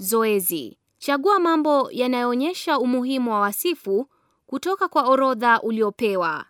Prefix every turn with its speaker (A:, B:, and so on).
A: Zoezi: chagua mambo yanayoonyesha umuhimu wa wasifu kutoka kwa orodha uliopewa.